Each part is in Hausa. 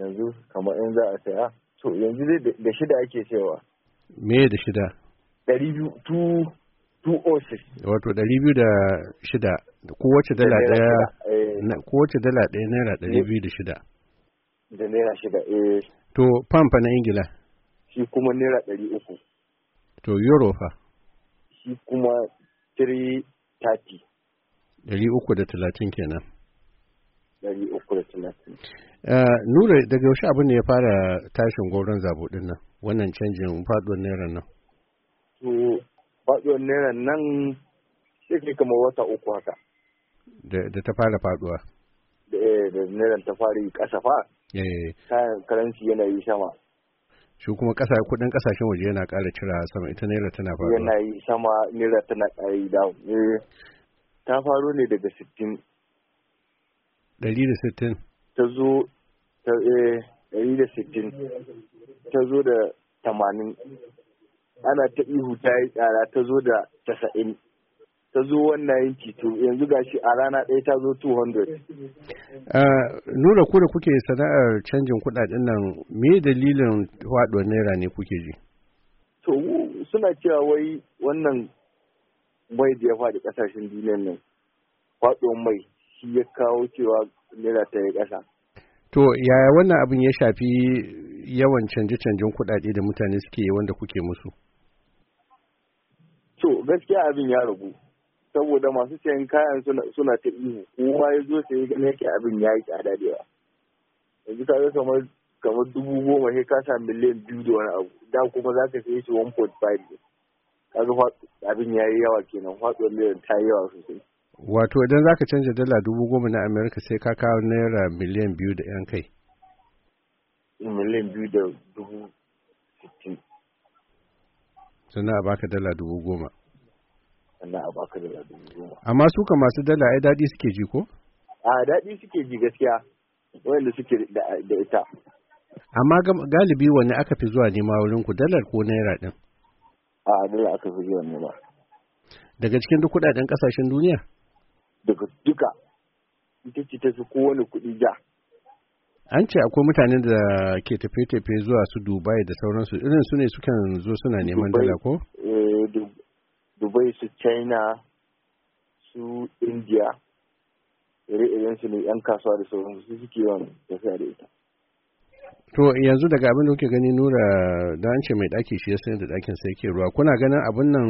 yanzu kamar in za a saya to yanzu dai da shida ake cewa. me da shida ɗari biyu tu tu osis oh wato ɗari biyu da shida kowace dala ɗaya eh. kowace dala ɗaya naira ɗari biyu da shida da naira shida eh to pampa na ingila shi kuma naira ɗari uku to euro fa shi kuma tiri tati ɗari uku da talatin kenan ɗari uku da talatin Eh, nura daga yaushe abin ne ya fara tashin goron zabuɗin nan wannan canjin faɗuwar naira nan Faduwar faɗuwar naira nan ke kamar wata uku haka da ta fara faɗuwa da eh, naira ta fara ƙasa fa eh. kayan karanci yana yi sama shi kuma ƙasa kuɗin ƙasashen waje yana ƙara cira sama ita naira tana faruwa. yana yi sama naira tana ƙara yi down ta faro ne daga sittin ɗari da sittin ta zo ta eh, ɗari da sittin ta zo da tamanin ana ta ihu ta yi tsara ta zo da tasa'in ta zo wannan yanki to yanzu gashi a rana ɗaya ta zo 200. Eh, nura ku kuke sana'ar canjin kuɗaɗen nan me dalilin faɗuwar naira ne kuke ji? to suna cewa wai wannan mai da ya faɗi ƙasashen duniyan nan faɗuwar mai shi ya kawo cewa naira ta yi ƙasa. to yaya wannan abin ya shafi yawan canje-canjen kuɗaɗe da mutane suke wanda kuke musu to gaskiya abin ya ragu saboda masu sayan kayan suna ta ihu kuma ya zo sai gani yake abin ya yi tsada da yawa yanzu ka kamar kamar dubu goma sai ka sa miliyan biyu da wani abu da kuma za ka sai shi 1.5 kaga abin ya yi yawa kenan faɗuwar miliyan ta yi yawa sosai wato idan za ka canja dala dubu goma na amerika sai ka kawo naira miliyan biyu da yan kai miliyan biyu da dubu sittin sannan a baka dala dubu goma sannan a baka dala dubu goma amma suka masu dala ai daɗi suke ji ko a daɗi suke ji gaskiya wanda suke da ita amma galibi wanne aka fi zuwa nema wurin ku dalar ko naira din a dala aka fi zuwa nema daga cikin duk kudaden kasashen duniya daga duka ita ce ta fi kowane kuɗi ja. An ce akwai mutane da ke tafe-tafe zuwa su Dubai da sauransu irin su ne sukan zo suna neman dala ko? Eh, Dubai su China su India ire-irensu ne 'yan kasuwa da sauransu su suke yawan tafiya da ita. to yanzu daga abin da kuke gani nura da an ce mai daki shi ya sani da dakin sai ke ruwa kuna ganin abin nan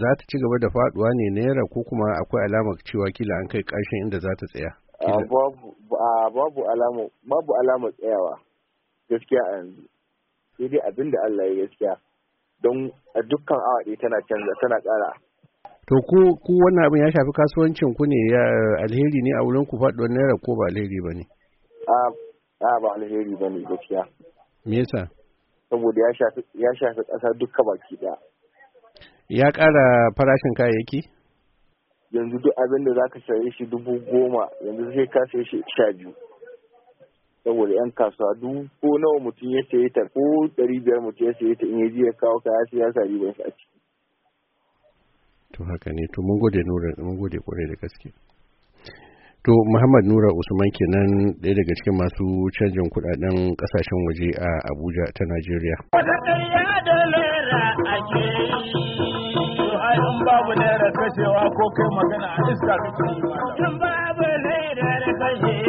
za ta ci gaba da faduwa ne naira ko kuma akwai alama cewa kila an kai ƙarshen inda za ta tsaya babu alama babu alama tsayawa gaskiya a yanzu sai dai abin da Allah ya gaskiya don a dukkan awa ɗaya tana canza tana ƙara to ku ku wannan abin ya shafi kasuwancin ku ne alheri ne a wurin ku faduwar naira ko ba alheri ba ne ba alheri ba ne gaskiya me yasa saboda ya shafi ya shafi ƙasa duka baki ɗaya ya ƙara farashin kayayyaki yanzu duk abin da za ka saye shi dubu goma yanzu sai ka saye shi sha biyu saboda yan kasuwa duk ko nawa mutum ya saye ta ko ɗari biyar mutum ya saye ta in ya ji ya kawo kaya sai ya sa ribar sa a ciki to haka ne to mun gode nura mun gode kwarai da gaske To Muhammad Nura Usman kenan ɗaya daga cikin masu canjin kuɗaɗen ƙasashen waje a Abuja ta Najeriya. Wata ƙarya da babu lera kashewa ko kai magana a iska kake yi. In babu lera kashewa.